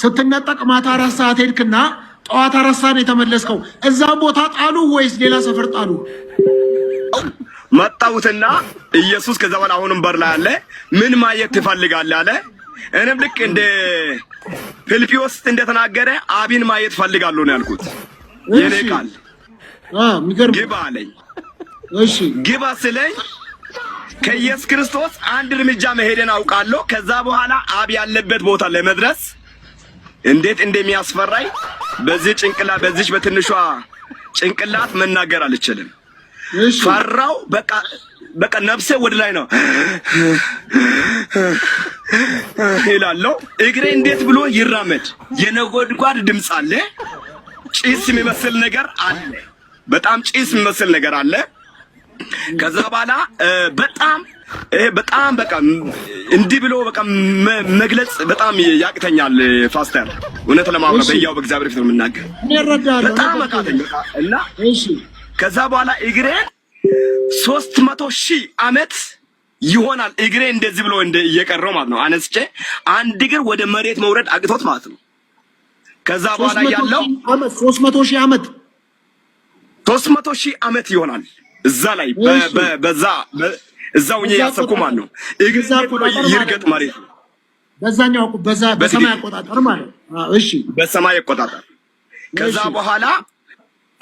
ስትነጠቅ ማታ አራት ሰዓት ሄድክና ጠዋት አራት ሰዓት ነው የተመለስከው። እዛም ቦታ ጣሉ ወይስ ሌላ ሰፈር ጣሉ? መጣሁትና ኢየሱስ ከዛ በኋላ አሁንም በር ላይ አለ። ምን ማየት ትፈልጋለህ አለ። እኔም ልክ እንደ ፊልጶስ እንደተናገረ አቢን ማየት ፈልጋለሁ ነው ያልኩት። የኔ ቃል ግባ አለኝ። ግባ ስለኝ ከኢየሱስ ክርስቶስ አንድ እርምጃ መሄደን አውቃለሁ። ከዛ በኋላ አብ ያለበት ቦታ ለመድረስ እንዴት እንደሚያስፈራኝ በዚህ ጭንቅላ በዚች በትንሿ ጭንቅላት መናገር አልችልም። ፈራው። በቃ በቃ ነፍሴ ወደ ላይ ነው ይላለው። እግሬ እንዴት ብሎ ይራመድ? የነጎድጓድ ድምፅ አለ፣ ጭስ የሚመስል ነገር አለ፣ በጣም ጭስ የሚመስል ነገር አለ። ከዛ በኋላ በጣም በጣም በቃ እንዲህ ብሎ በቃ መግለጽ በጣም ያቅተኛል። ፋስተር እውነት ለማውራት በያው በእግዚአብሔር ፊት ነው የምናገር። በጣም አቃተኝ እና ከዛ በኋላ እግሬ ሶስት መቶ ሺህ አመት ይሆናል እግሬ እንደዚህ ብሎ እንደ እየቀረው ማለት ነው። አነስቼ አንድ እግር ወደ መሬት መውረድ አቅቶት ማለት ነው። ከዛ በኋላ ያለው ሶስት መቶ ሺህ አመት ሶስት መቶ ሺህ አመት ይሆናል እዛ ላይ በዛ እዛው እኛ ያሰብኩ ማለት ነው። እግዚአብሔር ኮሎ ይርገጥ ማለት ነው። በዛኛው በዛ በሰማይ አቆጣጠር ማለት ነው። እሺ በሰማይ አቆጣጠር። ከዛ በኋላ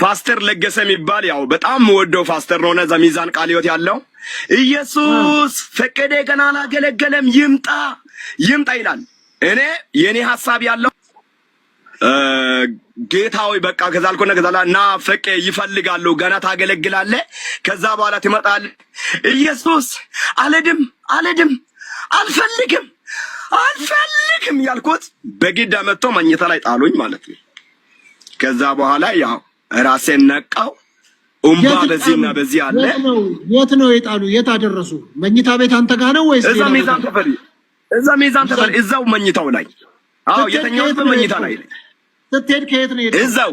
ፓስተር ለገሰ የሚባል ያው በጣም ወደው ፓስተር ነው። ነዛ ሚዛን ቃለ ሕይወት ያለው ኢየሱስ ፈቀደ ገና አላገለገለም፣ ይምጣ ይምጣ ይላል። እኔ የኔ ሐሳብ ያለው ጌታዊ በቃ ከዛ አልኮና ከዛ ና ፈቄ ይፈልጋሉ። ገና ታገለግላለ። ከዛ በኋላ ትመጣል። ኢየሱስ አልድም አልድም አልፈልግም አልፈልግም ያልኩት በግድ መጥቶ መኝታ ላይ ጣሉኝ ማለት ነው። ከዛ በኋላ ያው ራሴን ነቃው። እምባ በዚህና በዚህ አለ። የት ነው የጣሉ? የት አደረሱ? መኝታ ቤት አንተ ጋር ነው ወይስ እዛ ሚዛን ተፈሪ? እዛ ሚዛን ተፈሪ፣ እዛው መኝታው ላይ አዎ፣ የተኛው መኝታ ላይ ስትሄድ ከየት ነው የሄድከው? እዛው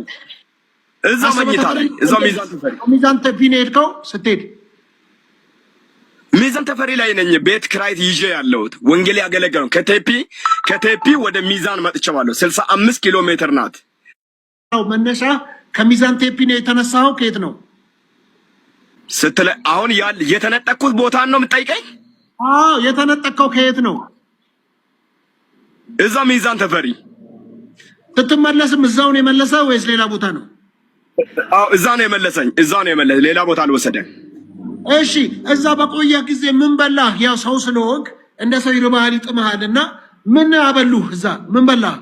እዛው መኝታ ላይ እዛው ሚዛን ተፈሪ ነው የሄድከው ስትሄድ? ሚዛን ተፈሪ ላይ ነኝ። ቤት ክራይት ይዤ ያለሁት ወንጌል ያገለገለው ከቴፒ ከቴፒ ወደ ሚዛን መጥቼዋለሁ። ስልሳ ኪሎ ሜትር ናት መነሻ። ከሚዛን ቴፒ ነው የተነሳኸው? ከየት ነው ስትለ አሁን ያል የተነጠቅኩት ቦታን ነው የምጠይቀኝ? አዎ ከየት ነው? እዛ ሚዛን ተፈሪ ብትመለስም እዛው ነው የመለሰ ወይስ ሌላ ቦታ ነው? አዎ እዛ ነው የመለሰኝ። እዛ ነው የመለሰ፣ ሌላ ቦታ አልወሰደኝ። እሺ እዛ በቆየ ጊዜ ምን በላህ? ያው ሰው ስለሆንክ እንደ ሰው ይርባሃል ይጥምሃልና፣ ምን አበሉህ? እዛ ምን በላህ?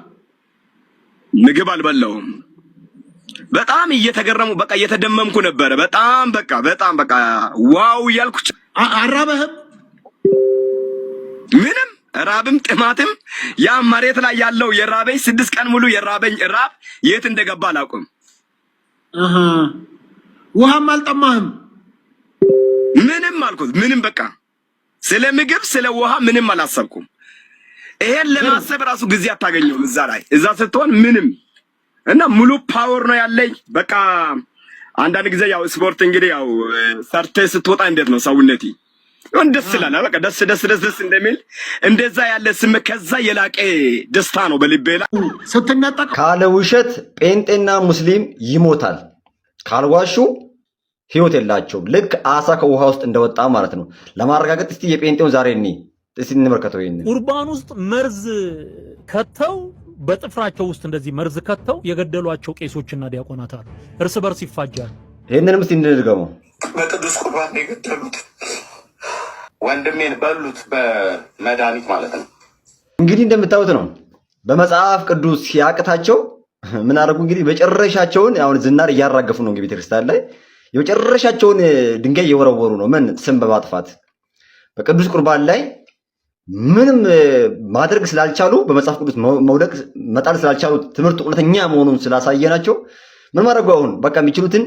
ምግብ አልበላውም። በጣም እየተገረሙ በቃ እየተደመምኩ ነበረ። በጣም በቃ በጣም በቃ ዋው እያልኩ አራበህም ምንም ራብም ጥማትም ያ መሬት ላይ ያለው የራበኝ ስድስት ቀን ሙሉ የራበኝ ራብ የት እንደገባ አላውቅም። ውሃም አልጠማህም? ምንም አልኩት፣ ምንም በቃ ስለ ምግብ ስለ ውሃ ምንም አላሰብኩም። ይሄን ለማሰብ ራሱ ጊዜ አታገኘውም እዛ ላይ እዛ ስትሆን ምንም እና ሙሉ ፓወር ነው ያለኝ። በቃ አንዳንድ ጊዜ ያው ስፖርት እንግዲህ ያው ሰርተ ስትወጣ እንዴት ነው ሰውነቴ ሆን ደስ ይላል። በቃ ደስ ደስ ደስ ደስ እንደሚል እንደዛ ያለ ስም ከዛ የላቀ ደስታ ነው በልቤ ላይ ስትነጠቅ ካለ ውሸት ጴንጤና ሙስሊም ይሞታል። ካልዋሹ ህይወት የላቸውም። ልክ አሳ ከውሃ ውስጥ እንደወጣ ማለት ነው። ለማረጋገጥ እስቲ የጴንጤውን ዛሬ እኒ እስቲ እንመርከተው። ይሄን ቁርባን ውስጥ መርዝ ከተው በጥፍራቸው ውስጥ እንደዚህ መርዝ ከተው የገደሏቸው ቄሶችና ዲያቆናት አሉ። እርስ በርስ ይፋጃል። ይህንንም እስቲ እንድንድገመው በቅዱስ ቁርባን የገደሉት ወንድሜን በሉት በመድኃኒት ማለት ነው። እንግዲህ እንደምታዩት ነው በመጽሐፍ ቅዱስ ሲያቅታቸው ምን አደረጉ? እንግዲህ መጨረሻቸውን አሁን ዝናር እያራገፉ ነው። እንግዲህ ቤተክርስቲያን ላይ የመጨረሻቸውን ድንጋይ እየወረወሩ ነው። ምን ስም በማጥፋት በቅዱስ ቁርባን ላይ ምንም ማድረግ ስላልቻሉ በመጽሐፍ ቅዱስ መውደቅ መጣል ስላልቻሉ ትምህርት እውነተኛ መሆኑን ስላሳየ ናቸው ምን ማድረጉ አሁን በቃ የሚችሉትን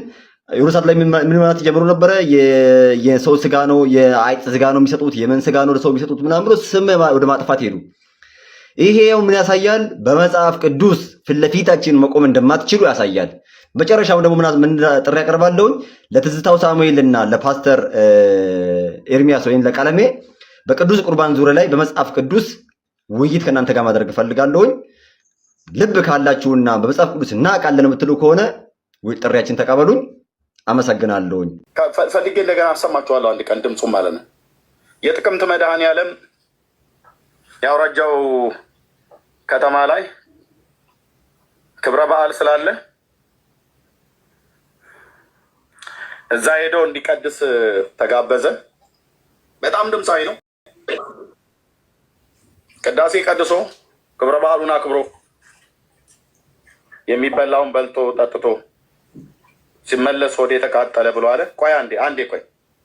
ዮናስ ላይ ምን ማለት ጀምሮ ነበረ። የሰው ስጋ ነው የአይጥ ስጋ ነው የሚሰጡት፣ የመን ስጋ ነው ለሰው የሚሰጡት ምናምን ብሎ ስም ወደ ማጥፋት ሄዱ። ይሄ ምን ያሳያል? በመጽሐፍ ቅዱስ ፊት መቆም እንደማትችሉ ያሳያል። መጨረሻው ደግሞ ምን ጥሪ ያቀርባለሁኝ ለትዝታው ሳሙኤልና ለፓስተር ኤርሚያስ ወይም ለቀለሜ በቅዱስ ቁርባን ዙሪያ ላይ በመጽሐፍ ቅዱስ ውይይት ከእናንተ ጋር ማድረግ እፈልጋለሁኝ። ልብ ካላችሁና በመጽሐፍ ቅዱስ እናውቃለን የምትሉ ከሆነ ጥሪያችን ተቀበሉኝ። አመሰግናለሁኝ። ፈልጌ እንደገና አሰማችኋለሁ አንድ ቀን ድምፁ ማለት ነው። የጥቅምት መድኃኔዓለም የአውራጃው ከተማ ላይ ክብረ በዓል ስላለ እዛ ሄዶ እንዲቀድስ ተጋበዘ። በጣም ድምፃዊ ነው። ቅዳሴ ቀድሶ ክብረ በዓሉን አክብሮ የሚበላውን በልቶ ጠጥቶ ሲመለስ ወደ የተቃጠለ ብሎ አለ። ቆይ አንዴ አንዴ ቆይ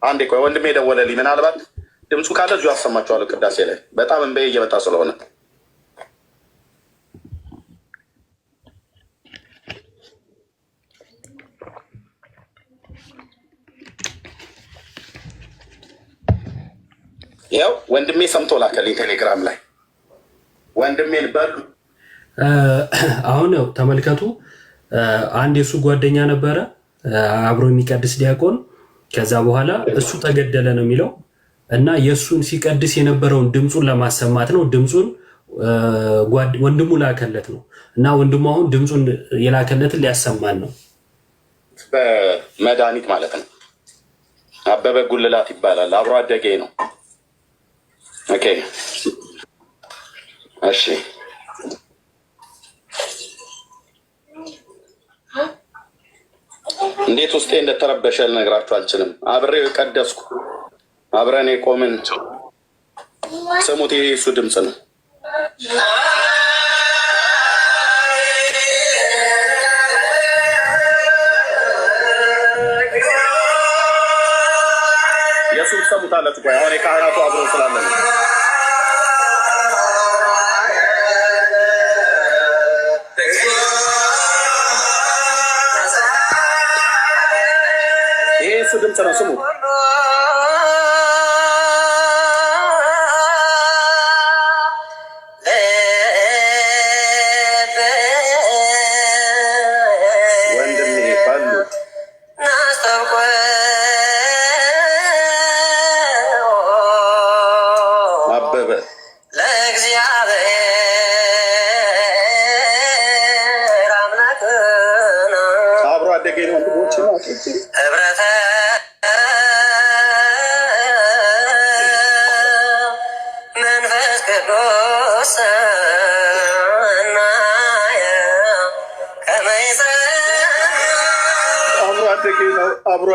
አንዴ ቆይ ወንድሜ የደወለልኝ ምናልባት ድምፁ ካለ እዚሁ አሰማችኋለሁ። ቅዳሴ ላይ በጣም እንበ እየመጣ ስለሆነ ያው ወንድሜ ሰምቶ ላከልኝ ቴሌግራም ላይ ወንድሜን በሉ አሁን ያው ተመልከቱ። አንድ የሱ ጓደኛ ነበረ አብሮ የሚቀድስ ዲያቆን ከዛ በኋላ እሱ ተገደለ ነው የሚለው እና የእሱን ሲቀድስ የነበረውን ድምፁን ለማሰማት ነው። ድምፁን ወንድሙ ላከለት ነው እና ወንድሙ አሁን ድምፁን የላከለትን ሊያሰማን ነው። በመድኃኒት ማለት ነው። አበበ ጉልላት ይባላል። አብሮ አደጌ ነው። ኦኬ እሺ እንዴት ውስጤ እንደተረበሸ ልነግራችሁ አልችልም። አብሬው የቀደስኩ አብረን የቆምን ስሙት፣ የሱ ድምፅ ነው። የሱ ሰሙታለት ጓ አሁን የካህናቱ አብረው ስላለ ነው esa no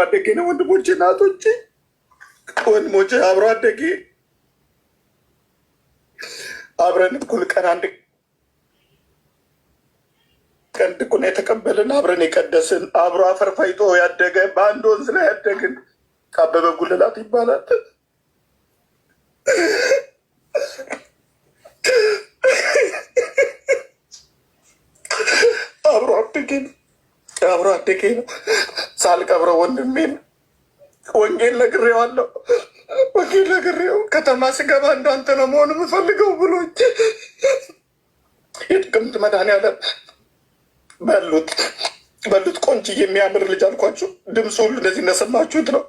አደጌ ነው። ወንድሞቼ፣ እናቶቼ፣ ወንድሞቼ አብሮ አደጌ አብረን እኩል ቀን አንድ ቀን ድቁና የተቀበልን አብረን የቀደስን አብሮ አፈር ያደገ በአንድ ወንዝ ላይ ያደግን ከአበበ ጉልላት ይባላል። አብሮ አደጌ ነው። አብሮ አደጌ ነው። ሳልቀብረው ወንድሜን ወንጌል ነግሬዋለሁ። ወንጌል ነግሬው ከተማ ስገባ እንዳንተ ነው መሆን የምፈልገው ብሎ የጥቅምት መድኃኒዓለም በሉት በሉት ቆንጆ የሚያምር ልጅ አልኳችሁ። ድምፁ ሁሉ እንደዚህ እንደሰማችሁት ነው።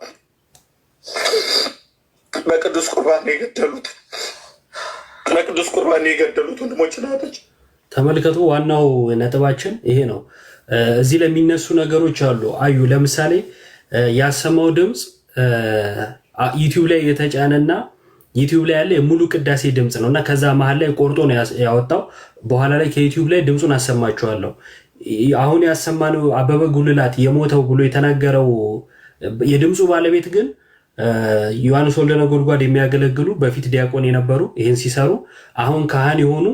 በቅዱስ ቁርባን የገደሉት በቅዱስ ቁርባን የገደሉት ወንድሞች ናቶች ተመልከቱ። ዋናው ነጥባችን ይሄ ነው። እዚህ ለሚነሱ ነገሮች አሉ። አዩ ለምሳሌ ያሰማው ድምፅ ዩቲዩብ ላይ የተጫነና ዩቲዩብ ላይ ያለ የሙሉ ቅዳሴ ድምፅ ነው እና ከዛ መሀል ላይ ቆርጦ ነው ያወጣው። በኋላ ላይ ከዩቲዩብ ላይ ድምፁን አሰማችኋለሁ። አሁን ያሰማነው አበበ ጉልላት የሞተው ብሎ የተናገረው የድምፁ ባለቤት ግን ዮሐንስ ወልደነ ጎድጓድ የሚያገለግሉ በፊት ዲያቆን የነበሩ ይህን ሲሰሩ አሁን ካህን የሆኑ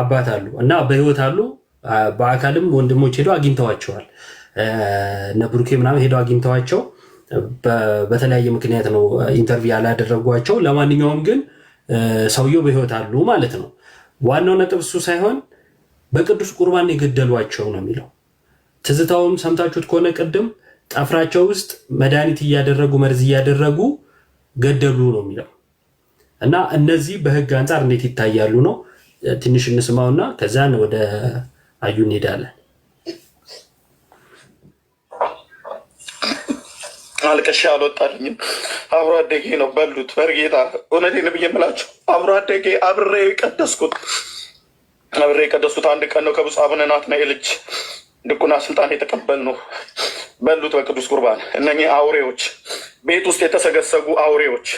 አባት አሉ እና በህይወት አሉ በአካልም ወንድሞች ሄደው አግኝተዋቸዋል። እነ ብሩኬ ምናምን ሄደው አግኝተዋቸው በተለያየ ምክንያት ነው ኢንተርቪው ያላደረጓቸው። ለማንኛውም ግን ሰውየው በህይወት አሉ ማለት ነው። ዋናው ነጥብ እሱ ሳይሆን በቅዱስ ቁርባን የገደሏቸው ነው የሚለው። ትዝታውም ሰምታችሁት ከሆነ ቅድም ጠፍራቸው ውስጥ መድኃኒት እያደረጉ መርዝ እያደረጉ ገደሉ ነው የሚለው እና እነዚህ በህግ አንጻር እንዴት ይታያሉ ነው። ትንሽ እንስማውና ከዛን ወደ አዩ እንሄዳለን። አልቀሻ አልወጣልኝም። አብሮ አደጌ ነው በሉት። በርጌታ እውነቴን ብዬ የምላችሁ አብሮ አደጌ አብሬ የቀደስኩት አብሬ የቀደስኩት አንድ ቀን ነው ከብፁዕ አቡነ ናትናኤል እጅ ድቁና ስልጣን የተቀበል ነው በሉት። በቅዱስ ቁርባን እነኚህ አውሬዎች ቤት ውስጥ የተሰገሰጉ አውሬዎች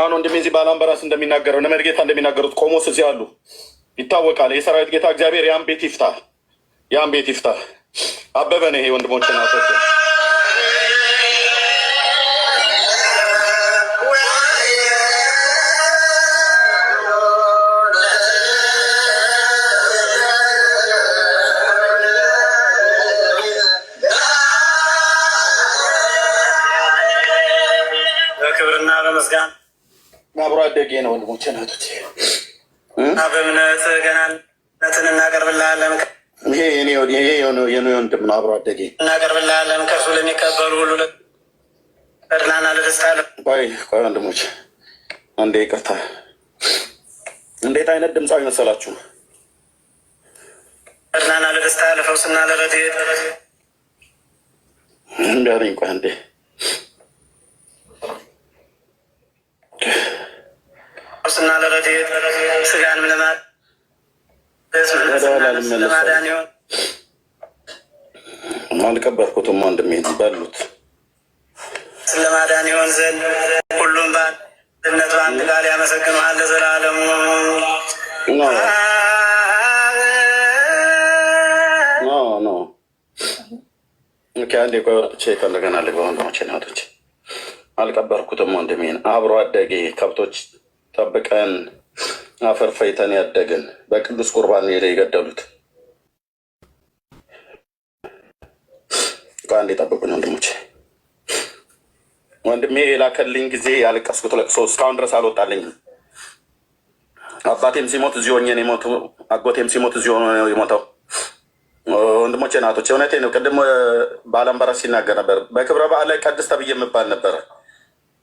አሁን ወንድሜ እዚህ ባላምበራስ እንደሚናገረው ነመድጌታ እንደሚናገሩት ቆሞስ እዚህ አሉ። ይታወቃል። የሰራዊት ጌታ እግዚአብሔር ያን ቤት ይፍታ፣ ያን ቤት ይፍታ። አበበ ነው ይሄ ወንድሞች ናቶች ክብርና በመስጋን አብሮ አደጌ ነው ወንድሞቼ ናቶች እና በእምነት ገናነትን እናቀርብልሃለን። ይሄ የኔ ወንድም ነው፣ አብሮ አደጌ እናቀርብልሃለን። ከእርሱ ለሚቀበሉ ሁሉ ለእድናና ለደስታ ቆይ ቆይ ወንድሞች አንዴ ይቅርታ። እንዴት አይነት ድምፃዊ መሰላችሁ? እድናና ለደስታ ለፈውስና ለረድኤት እንዳሪኝ ቆይ አንዴ ስና ለረድኤት ስጋንም ለማለማዳን ይሆን አልቀበርኩትም ወንድሜ በሉት ለማዳን ይሆን ዘንድ ሁሉም በአንድነት በአንድ ቃል ያመሰግኑሃል ለዘላለሙ። አንዴ ቆይ ወጥቼ ይፈልገናል። ወንድሞቼ ናቶች አልቀበርኩትም ወንድሜን አብሮ አደጌ ከብቶች ጠብቀን አፈር ፈይተን ያደግን በቅዱስ ቁርባን ሄደ የገደሉት ከአንድ የጠበቁኝ ወንድሞች። ወንድሜ የላከልኝ ጊዜ ያለቀስኩት ለቅሶ እስካሁን ድረስ አልወጣልኝም። አባቴም ሲሞት እዚህ ሆኜ ነው የሞተው። አጎቴም ሲሞት እዚህ ሆኖ ነው የሞተው። ወንድሞቼ ናቶች፣ እውነቴ ነው። ቅድም በአለም በረስ ሲናገር ነበር። በክብረ በዓል ላይ ቀድስ ተብዬ የምባል ነበር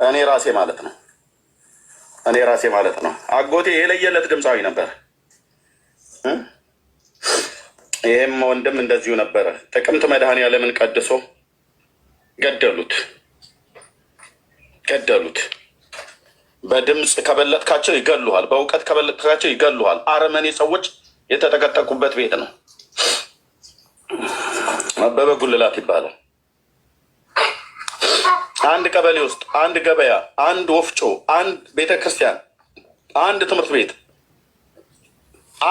እኔ ራሴ ማለት ነው። እኔ ራሴ ማለት ነው። አጎቴ የለየለት ድምፃዊ ነበር። ይህም ወንድም እንደዚሁ ነበረ። ጥቅምት መድኃኔዓለምን ቀድሶ ገደሉት ገደሉት። በድምፅ ከበለጥካቸው ይገሉሃል፣ በእውቀት ከበለጥካቸው ይገሉሃል። አረመኔ ሰዎች የተጠቀጠቁበት ቤት ነው። አበበ ጉልላት ይባላል። አንድ ቀበሌ ውስጥ አንድ ገበያ፣ አንድ ወፍጮ፣ አንድ ቤተ ክርስቲያን፣ አንድ ትምህርት ቤት፣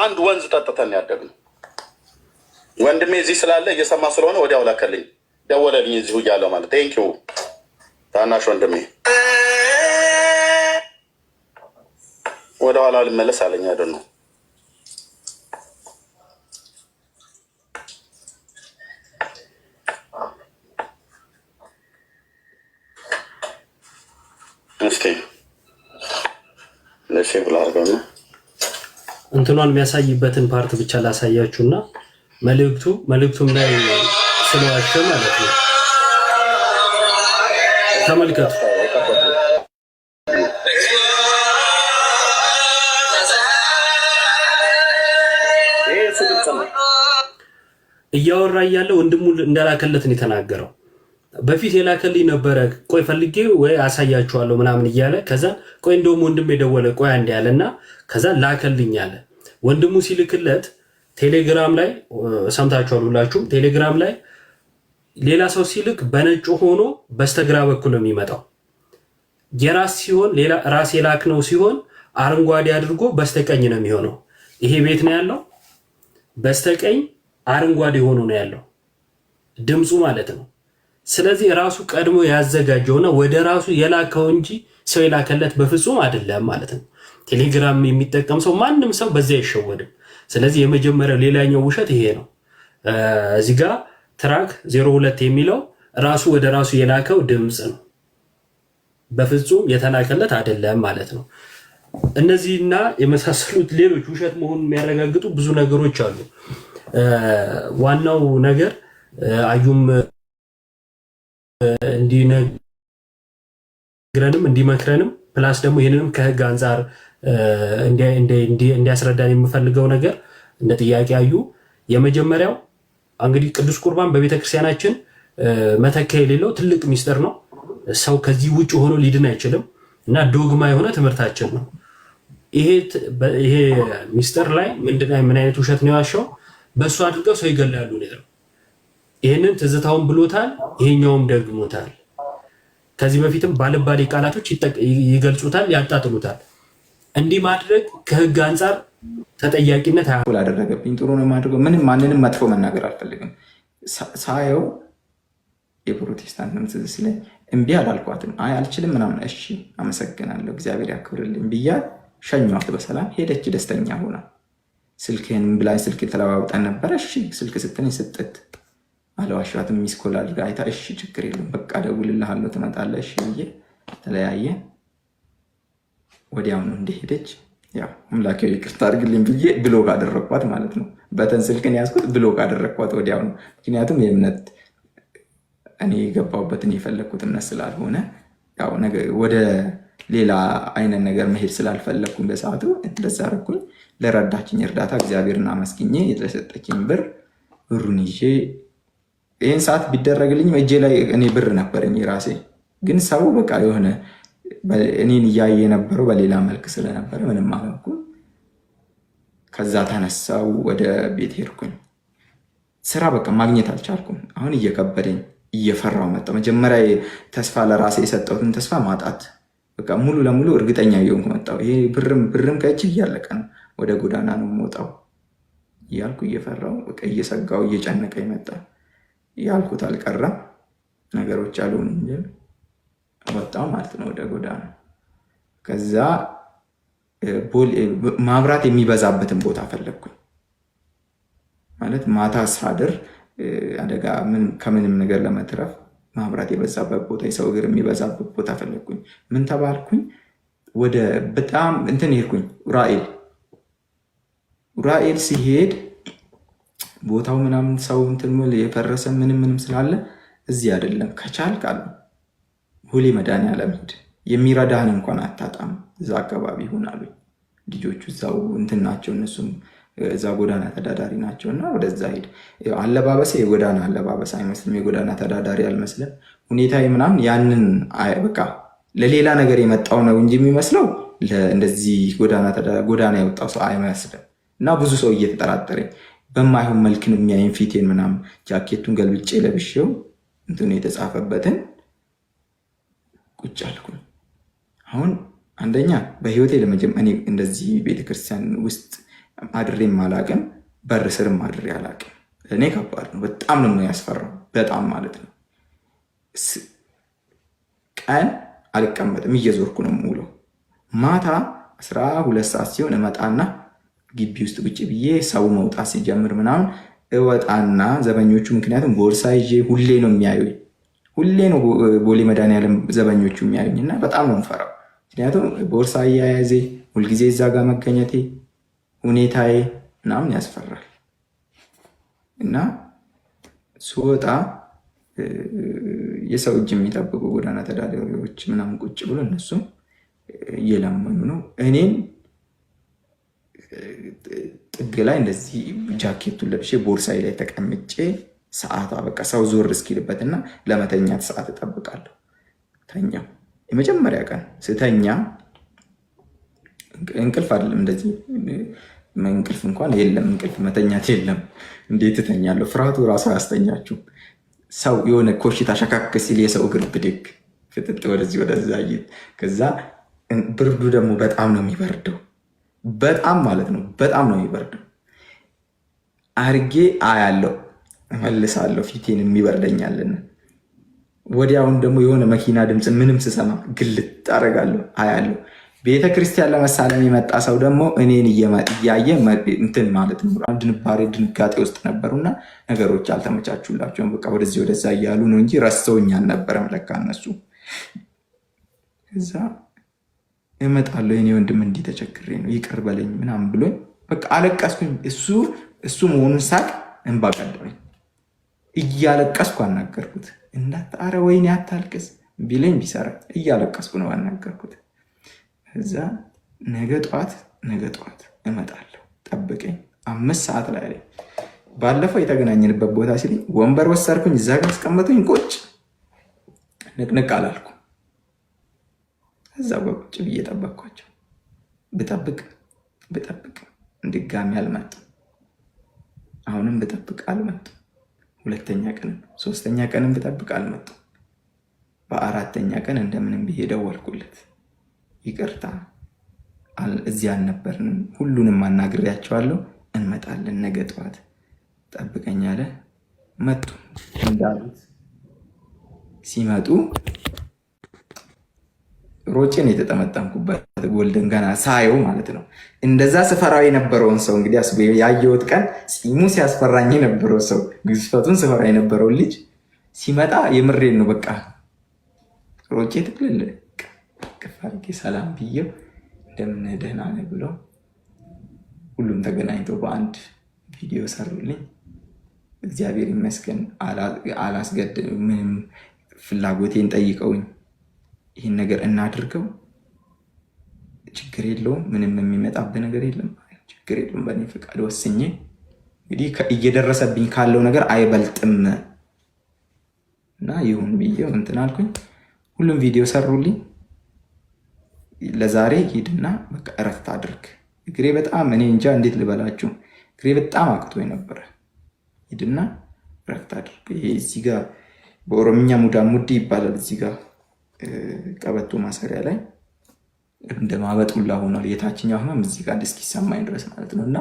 አንድ ወንዝ ጠጥተን ያደግን። ወንድሜ እዚህ ስላለ እየሰማ ስለሆነ ወዲያው ላከልኝ፣ ደወለልኝ እዚሁ እያለው ማለት ቴንኪው ታናሽ ወንድሜ። ወደኋላ ልመለስ አለኝ አይደል ነው ነው እንትኗን የሚያሳይበትን ፓርት ብቻ ላሳያችሁ እና መልእክቱ መልእክቱም ላይ ስለዋሸ ማለት ነው። ተመልከቱ። እያወራ እያለ ወንድሙ እንዳላከለት ነው የተናገረው። በፊት የላከልኝ ነበረ ቆይ ፈልጌ ወይ አሳያችኋለሁ ምናምን እያለ ከዛ ቆይ እንደውም ወንድም የደወለ ቆይ አንድ ያለ እና ከዛ ላከልኝ አለ። ወንድሙ ሲልክለት ቴሌግራም ላይ ሰምታችኋል ሁላችሁም። ቴሌግራም ላይ ሌላ ሰው ሲልክ በነጩ ሆኖ በስተግራ በኩል ነው የሚመጣው። የራስ ሲሆን ራስ የላክ ነው ሲሆን አረንጓዴ አድርጎ በስተቀኝ ነው የሚሆነው። ይሄ ቤት ነው ያለው በስተቀኝ አረንጓዴ ሆኖ ነው ያለው ድምፁ ማለት ነው። ስለዚህ ራሱ ቀድሞ ያዘጋጀውና ወደ ራሱ የላከው እንጂ ሰው የላከለት በፍጹም አይደለም ማለት ነው። ቴሌግራም የሚጠቀም ሰው ማንም ሰው በዚያ አይሸወድም። ስለዚህ የመጀመሪያው ሌላኛው ውሸት ይሄ ነው። እዚህ ጋ ትራክ 02 የሚለው ራሱ ወደ ራሱ የላከው ድምፅ ነው። በፍጹም የተላከለት አይደለም ማለት ነው። እነዚህና የመሳሰሉት ሌሎች ውሸት መሆኑን የሚያረጋግጡ ብዙ ነገሮች አሉ። ዋናው ነገር አዩም እንዲነግረንም እንዲመክረንም ፕላስ ደግሞ ይህንንም ከህግ አንጻር እንዲያስረዳን የምፈልገው ነገር እንደ ጥያቄ አዩ የመጀመሪያው እንግዲህ ቅዱስ ቁርባን በቤተ ክርስቲያናችን የሌለው ትልቅ ሚስጥር ነው። ሰው ከዚህ ውጭ ሆኖ ሊድን አይችልም እና ዶግማ የሆነ ትምህርታችን ነው። ይሄ ሚስጥር ላይ ምንድን ምን አይነት ውሸት ነው የዋሸው? በእሱ አድርገው ሰው ይገላሉ ነው ይህንን ትዝታውን ብሎታል፣ ይሄኛውም ደግሞታል። ከዚህ በፊትም ባልባሌ ቃላቶች ይገልጹታል፣ ያጣጥሉታል። እንዲህ ማድረግ ከህግ አንጻር ተጠያቂነት አደረገብኝ። ጥሩ ነው የማደርገው። ምንም ማንንም መጥፎ መናገር አልፈልግም። ሳየው የፕሮቴስታንት ትዝ ስለ እምቢ አላልኳትም። አይ አልችልም ምናምን፣ እሺ አመሰግናለሁ እግዚአብሔር ያክብርልኝ ብያ ሸኟት በሰላም ሄደች፣ ደስተኛ ሆና ስልክህን ብላኝ ስልክ ተለዋውጠን ነበረ። እሺ ስልክ ስትን ስጥት አለዋሻትም ሚስኮል አድርጋ አይታ እሺ ችግር የለም በቃ ደውልልሃለሁ ትመጣለህ እሺ ብዬ ተለያየ። ነው እንደሄደች ያው አምላኬ ይቅርታ አድርግልኝ ብዬ ብሎክ አደረግኳት ማለት ነው። በተን ስልክን ያዝኩት ብሎክ አደረግኳት ነው። ምክንያቱም የእምነት እኔ የገባሁበትን የፈለግኩት እምነት ስላልሆነ ያው ወደ ሌላ አይነት ነገር መሄድ ስላልፈለግኩኝ በሰዓቱ እንደዛ አደረግኩኝ። ለረዳችኝ እርዳታ እግዚአብሔርን አመስግኜ የተሰጠችኝ ብር ብሩን ይዤ ይህን ሰዓት ቢደረግልኝም እጄ ላይ እኔ ብር ነበረኝ ራሴ። ግን ሰው በቃ የሆነ እኔን እያየ የነበረው በሌላ መልክ ስለነበረ ምንም አላልኩም። ከዛ ተነሳው ወደ ቤት ሄድኩኝ። ስራ በቃ ማግኘት አልቻልኩም። አሁን እየከበደኝ እየፈራው መጣ። መጀመሪያ ተስፋ ለራሴ የሰጠሁትን ተስፋ ማጣት በቃ ሙሉ ለሙሉ እርግጠኛ እየሆንኩ መጣው። ይሄ ብርም ብርም ከእጅ እያለቀ ነው፣ ወደ ጎዳና ነው የምወጣው እያልኩ እየፈራው በቃ እየሰጋው እየጨነቀ ይመጣል። ያልኩት አልቀረም። ነገሮች አሉን እንጂ ወጣው ማለት ነው ወደ ጎዳና። ከዛ ማብራት የሚበዛበትን ቦታ ፈለግኩኝ። ማለት ማታ ሳድር አደጋ ከምንም ነገር ለመትረፍ ማብራት የበዛበት ቦታ፣ የሰው እግር የሚበዛበት ቦታ ፈለግኩኝ። ምን ተባልኩኝ? ወደ በጣም እንትን ሄድኩኝ። ራኤል ራኤል ሲሄድ ቦታው ምናምን ሰው እንትን የፈረሰ ምንም ምንም ስላለ እዚህ አይደለም። ከቻልክ አሉ ሁሌ መድኃኒዓለም ሂድ፣ የሚረዳህን እንኳን አታጣም። እዛ አካባቢ ይሆናሉ ልጆቹ እዛው እንትን ናቸው እነሱም እዛ ጎዳና ተዳዳሪ ናቸው እና ወደዛ ሄድ። አለባበሴ የጎዳና አለባበስ አይመስልም፣ የጎዳና ተዳዳሪ አልመስልም። ሁኔታ ምናምን ያንን በቃ ለሌላ ነገር የመጣው ነው እንጂ የሚመስለው እንደዚህ ጎዳና የወጣው ሰው አይመስልም። እና ብዙ ሰው እየተጠራጠረኝ በማይሆን መልክ ነው የሚያይን ፊቴን ምናምን ጃኬቱን ገልብጬ ለብሼው እንትን የተጻፈበትን ቁጭ አልኩ። አሁን አንደኛ በህይወቴ ለመጀመ እኔ እንደዚህ ቤተክርስቲያን ውስጥ አድሬም አላቅም፣ በር ስርም አድሬ አላቅም። እኔ ከባድ ነው። በጣም ነው ያስፈራው። በጣም ማለት ነው። ቀን አልቀመጥም፣ እየዞርኩ ነው የምውለው። ማታ አስራ ሁለት ሰዓት ሲሆን እመጣና ግቢ ውስጥ ቁጭ ብዬ ሰው መውጣት ሲጀምር ምናምን እወጣና ዘበኞቹ ምክንያቱም ቦርሳ ይዤ ሁሌ ነው የሚያዩኝ። ሁሌ ነው ቦሌ መድኃኒዓለም ዘበኞቹ የሚያዩኝ እና በጣም ነው የምፈራው። ምክንያቱም ቦርሳ አያያዜ፣ ሁልጊዜ እዛ ጋር መገኘቴ፣ ሁኔታዬ ምናምን ያስፈራል እና ስወጣ የሰው እጅ የሚጠብቁ ጎዳና ተዳዳሪዎች ምናምን ቁጭ ብሎ እነሱም እየለመኑ ነው እኔን ጥግ ላይ እንደዚህ ጃኬቱን ለብሼ ቦርሳዬ ላይ ተቀምጬ ሰዓቷ በቃ ሰው ዞር እስኪልበት እና ለመተኛት ሰዓት እጠብቃለሁ። ተኛው። የመጀመሪያ ቀን ስተኛ እንቅልፍ አይደለም እንደዚህ እንቅልፍ እንኳን የለም፣ እንቅልፍ መተኛት የለም። እንዴት እተኛለሁ? ፍርሃቱ ራሱ አያስተኛችሁም። ሰው የሆነ ኮሽታ ሸካክ ሲል የሰው እግር ብድግ ፍጥጥ ወደዚህ ወደዛ፣ ከዛ ብርዱ ደግሞ በጣም ነው የሚበርደው በጣም ማለት ነው። በጣም ነው የሚበርደው። አርጌ አያለው መልሳለሁ ፊቴን የሚበርደኛልና ወዲያውን ደግሞ የሆነ መኪና ድምፅ ምንም ስሰማ ግልጥ አረጋለሁ አያለሁ። ቤተ ክርስቲያን ለመሳለም የመጣ ሰው ደግሞ እኔን እያየ እንትን ማለት ነው። ድንባሬ ድንጋጤ ውስጥ ነበሩና ነገሮች አልተመቻቹላቸውም። በቃ ወደዚህ ወደዛ እያሉ ነው እንጂ ረስተውኝ አልነበረም ለካ እነሱ እዛ እመጣለሁ የኔ ወንድም እንዲህ ተቸግሬ ነው ይቅር በለኝ ምናምን ብሎኝ በቃ አለቀስኩኝ። እሱ እሱ መሆኑን ሳቅ እንባ ቀደመኝ። እያለቀስኩ አናገርኩት። እንዳት ወይኔ አታልቅስ ቢለኝ ቢሰራ እያለቀስኩ ነው አናገርኩት። እዛ ነገ ጠዋት ነገ ጠዋት እመጣለሁ ጠብቀኝ አምስት ሰዓት ላይ አለኝ። ባለፈው የተገናኘንበት ቦታ ሲለኝ ወንበር ወሰድኩኝ፣ እዛ ጋር አስቀመጡኝ። ቁጭ ንቅንቅ አላልኩ እዛ ጓቁጭ ብዬ ጠበቅኳቸው። ብጠብቅ ብጠብቅ ድጋሚ አልመጡም። አሁንም ብጠብቅ አልመጡም። ሁለተኛ ቀን ሶስተኛ ቀንም ብጠብቅ አልመጡም። በአራተኛ ቀን እንደምንም ብዬ ደወልኩለት። ይቅርታ እዚህ አልነበርንም፣ ሁሉንም አናግሬያቸዋለሁ፣ እንመጣለን ነገ ጠዋት ጠብቀኝ አለ። መጡ። እንዳሉት ሲመጡ ሮጬን የተጠመጠምኩበት ጎልደን ገና ሳየው ማለት ነው። እንደዛ ስፈራው የነበረውን ሰው እንግዲህ ያየሁት ቀን ፂሙ ሲያስፈራኝ የነበረው ሰው ግዝፈቱን ስፈራ የነበረውን ልጅ ሲመጣ የምሬን ነው። በቃ ሮጬ ትክልል ቅፋርጌ ሰላም ብዬው እንደምን ደህና ነህ ብሎ ሁሉም ተገናኝቶ በአንድ ቪዲዮ ሰሩልኝ። እግዚአብሔር ይመስገን አላስገድ ምንም ፍላጎቴን ጠይቀውኝ ይህን ነገር እናድርገው፣ ችግር የለውም፣ ምንም የሚመጣብህ ነገር የለም፣ ችግር የለውም፣ በእኔ ፈቃድ ወስኜ እንግዲህ እየደረሰብኝ ካለው ነገር አይበልጥም እና ይሁን ብዬው እንትን አልኩኝ። ሁሉም ቪዲዮ ሰሩልኝ። ለዛሬ ሂድና በቃ እረፍት አድርግ። እግሬ በጣም እኔ እንጃ እንዴት ልበላችሁ፣ እግሬ በጣም አቅቶኝ ነበረ። ሂድና እረፍት አድርግ። ይሄ እዚህ በኦሮምኛ ሙዳ ሙዲ ይባላል እዚህ ጋር ቀበቶ ማሰሪያ ላይ እንደ ማበጡላ ሆኗል። የታችኛው ህመም እዚህ ጋር እስኪሰማኝ ድረስ ማለት ነው። እና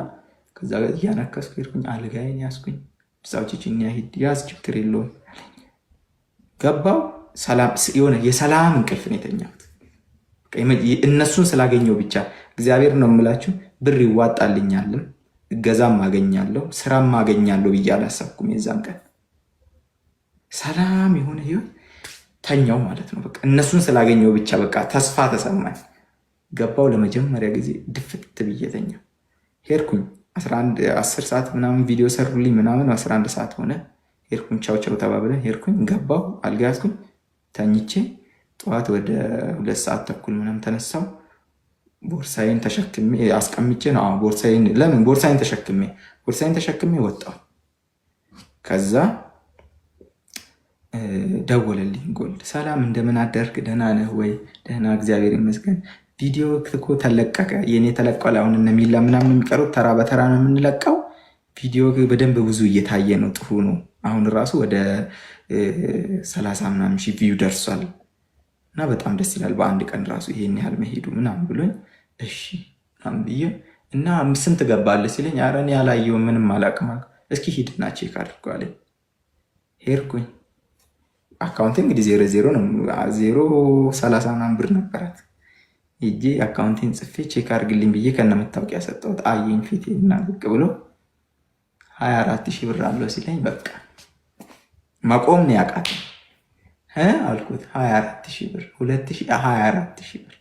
ከዛ ጋር እያነከስኩ ሄድኩኝ። አልጋዬን ያስኩኝ ሳውችችን ያሂድ ያዝ ችግር የለውም ገባው። የሆነ የሰላም እንቅልፍ ነው የተኛሁት። እነሱን ስላገኘው ብቻ እግዚአብሔር ነው የምላችሁ። ብር ይዋጣልኛልም እገዛም አገኛለሁ ስራም አገኛለሁ ብዬ አላሰብኩም። የዛም ቀን ሰላም የሆነ ህይወት ተኛው ማለት ነው። በቃ እነሱን ስላገኘው ብቻ በቃ ተስፋ ተሰማኝ። ገባው ለመጀመሪያ ጊዜ ድፍት ብዬ ተኛው። ሄድኩኝ አስር ሰዓት ምናምን ቪዲዮ ሰሩልኝ ምናምን አስራ አንድ ሰዓት ሆነ። ሄድኩኝ ቻው ቻው ተባብለን ሄድኩኝ። ገባው አልጋ ያዝኩኝ ተኝቼ ጠዋት ወደ ሁለት ሰዓት ተኩል ምናም ተነሳው። ቦርሳዬን ተሸክሜ አስቀምጬ ነው ቦርሳዬን ለምን ቦርሳዬን ተሸክሜ ቦርሳዬን ተሸክሜ ወጣው ከዛ ደወለልኝ ጎልድ። ሰላም እንደምን አደርግ ደህና ነህ ወይ? ደህና እግዚአብሔር ይመስገን። ቪዲዮ እኮ ተለቀቀ። የኔ ተለቋል። አሁን እነሚላ ምናምን የሚቀሩት ተራ በተራ ነው የምንለቀው። ቪዲዮ በደንብ ብዙ እየታየ ነው። ጥሩ ነው። አሁን ራሱ ወደ ሰላሳ ምናምን ሺህ ቪዩ ደርሷል እና በጣም ደስ ይላል። በአንድ ቀን ራሱ ይሄን ያህል መሄዱ ምናምን ብሎኝ እሺ ምናምን ብዬ እና ስንት ገባለ ሲለኝ ኧረ እኔ ያላየው ምንም አላቅማ። እስኪ ሂድና ቼክ አድርጓለኝ ሄድኩኝ። አካውንት እንግዲህ ዜሮ ዜሮ ነው። ዜሮ ሰላሳ ምናምን ብር ነበራት። እጂ አካውንቴን ጽፌ ቼክ አድርግልኝ ብዬ ከነ መታወቂያ ሰጠሁት። አየኝ ፊት እና ብቅ ብሎ ሀያ አራት ሺህ ብር አለው ሲለኝ በቃ መቆም ነው ያቃት አልኩት ሀያ አራት ሺህ ብር ሁለት ሺህ ሀያ አራት ሺህ ብር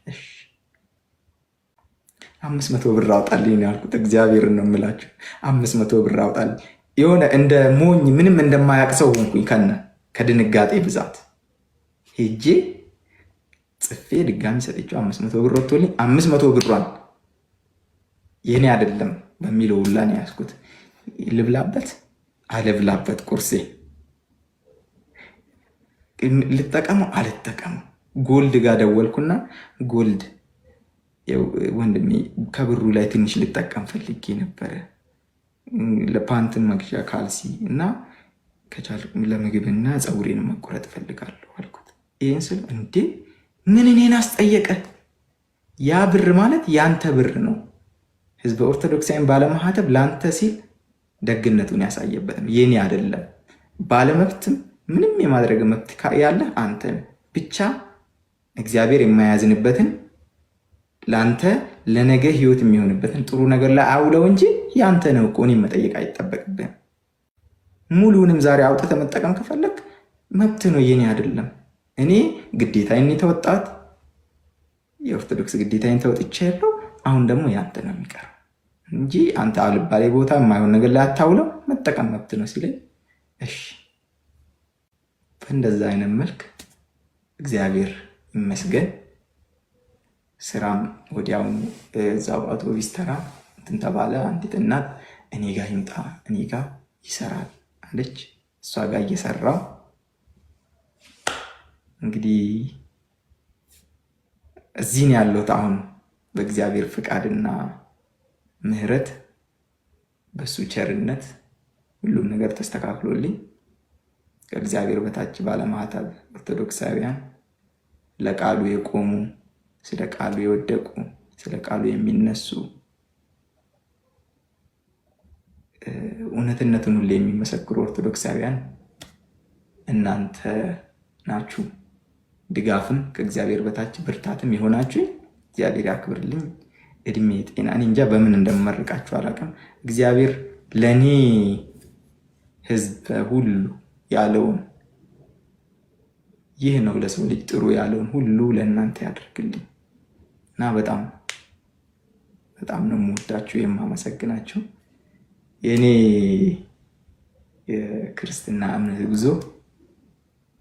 አምስት መቶ ብር አውጣልኝ ነው ያልኩት። እግዚአብሔርን ነው የምላቸው። አምስት መቶ ብር አውጣልኝ የሆነ እንደ ሞኝ ምንም እንደማያቅ ሰው ሆንኩኝ ከነ ከድንጋጤ ብዛት ሄጄ ጽፌ ድጋሚ ሰጥቼው አምስት መቶ ብር ወጥቶልኝ አምስት መቶ ብሯን የኔ አይደለም በሚለው ሁላ ነው ያዝኩት። ልብላበት አልብላበት ቁርሴ ልጠቀመው አልጠቀመው። ጎልድ ጋር ደወልኩና ጎልድ ወንድሜ ከብሩ ላይ ትንሽ ልጠቀም ፈልጌ ነበረ ለፓንትን መግዣ ካልሲ እና ከቻልኩ ለምግብና ፀጉሬን መቆረጥ እፈልጋለሁ አልኩት። ይህን ስል እንዴ ምን እኔን አስጠየቀ? ያ ብር ማለት ያንተ ብር ነው። ህዝበ ኦርቶዶክሳዊን ባለማህተብ ለአንተ ሲል ደግነቱን ያሳየበትም የኔ አይደለም። ባለመብትም ምንም የማድረግ መብት ያለህ አንተ ብቻ እግዚአብሔር የማያዝንበትን ለአንተ ለነገ ህይወት የሚሆንበትን ጥሩ ነገር ላይ አውለው እንጂ ያንተ ነው እኮ እኔን መጠየቅ አይጠበቅብህም። ሙሉውንም ዛሬ አውጥተህ መጠቀም ከፈለግ መብት ነው፣ የኔ አይደለም። እኔ ግዴታዬን የተወጣት የኦርቶዶክስ ግዴታዬን ተወጥቼ ያለው አሁን ደግሞ ያንተ ነው የሚቀረው እንጂ አንተ አልባሌ ቦታ የማይሆን ነገር ላይ አታውለው። መጠቀም መብት ነው ሲለኝ እሺ፣ በእንደዛ አይነት መልክ እግዚአብሔር ይመስገን ስራም ወዲያውኑ እዛው አውቶቢስ ተራ እንትን ተባለ። አንዲት እናት እኔ ጋ ይምጣ እኔ ጋ ይሰራል አለች። እሷ ጋር እየሰራው እንግዲህ እዚህ ነው ያለሁት አሁን በእግዚአብሔር ፍቃድና ምሕረት በሱ ቸርነት ሁሉም ነገር ተስተካክሎልኝ ከእግዚአብሔር በታች ባለማዕተብ ኦርቶዶክሳውያን ለቃሉ የቆሙ ስለ ቃሉ የወደቁ ስለ ቃሉ የሚነሱ እውነትነትን ሁሌ የሚመሰክሩ ኦርቶዶክሳውያን እናንተ ናችሁ። ድጋፍም ከእግዚአብሔር በታች ብርታትም የሆናችሁ እግዚአብሔር ያክብርልኝ። እድሜ ጤና፣ እኔ እንጃ በምን እንደምመርቃችሁ አላውቅም። እግዚአብሔር ለእኔ ህዝብ ሁሉ ያለውን ይህ ነው ለሰው ልጅ ጥሩ ያለውን ሁሉ ለእናንተ ያደርግልኝ እና በጣም በጣም ነው የምወዳችሁ የማመሰግናችሁ። የእኔ የክርስትና እምነት ጉዞ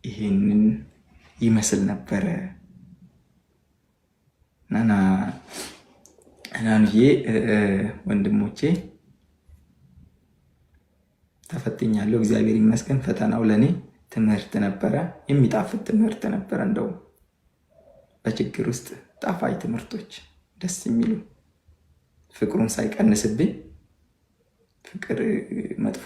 ይሄንን ይመስል ነበረ። ናና ናኑዬ ወንድሞቼ ተፈትኛለሁ። እግዚአብሔር ይመስገን። ፈተናው ለእኔ ትምህርት ነበረ፣ የሚጣፍጥ ትምህርት ነበረ። እንደው በችግር ውስጥ ጣፋጭ ትምህርቶች ደስ የሚሉ ፍቅሩን ሳይቀንስብኝ ፍቅር መጥፎ